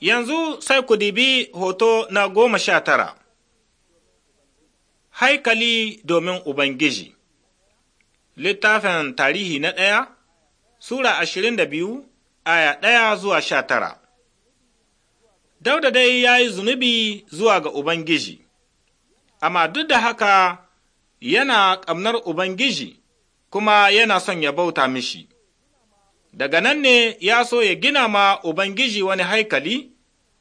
Yanzu sai ku dibi hoto na goma sha tara, haikali domin Ubangiji, littafin tarihi na ɗaya, Sura ashirin da biyu, aya ɗaya zuwa sha tara. Dauda dai ya yi zunubi zuwa ga Ubangiji, amma duk da haka yana ƙamnar Ubangiji kuma yana son ya bauta mishi. daga nan ne ya so ya gina ma Ubangiji wani haikali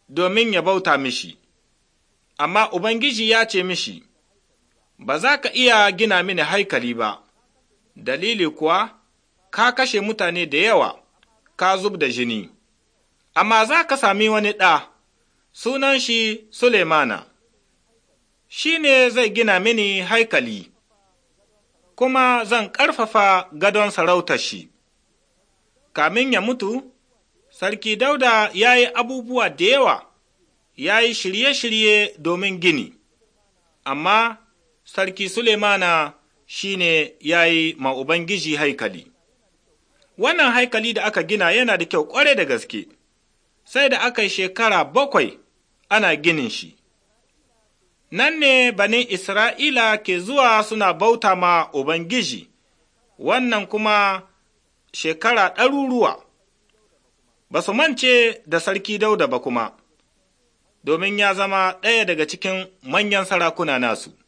domin ya bauta mishi, amma Ubangiji ya ce mishi, Ba za ka iya gina mini haikali ba, dalili kuwa ka kashe mutane da yawa, ka zub da jini, amma za ka sami wani ɗa, sunan shi Sulemana, shi ne zai gina mini haikali, kuma zan ƙarfafa gadon sarautar shi. Kamin ya mutu, Sarki Dauda ya yi abubuwa da yawa, ya yi shirye-shirye domin gini, amma Sarki Sulemana shi ne ya yi ma Ubangiji haikali. Wannan haikali da aka gina yana da kyau ƙware da gaske, sai da aka yi shekara bakwai ana ginin shi. Nan ne banin Isra'ila ke zuwa suna bauta ma Ubangiji, wannan kuma shekara ɗaruruwa, ba su mance da sarki dauda ba kuma, domin ya zama ɗaya daga cikin manyan sarakuna nasu.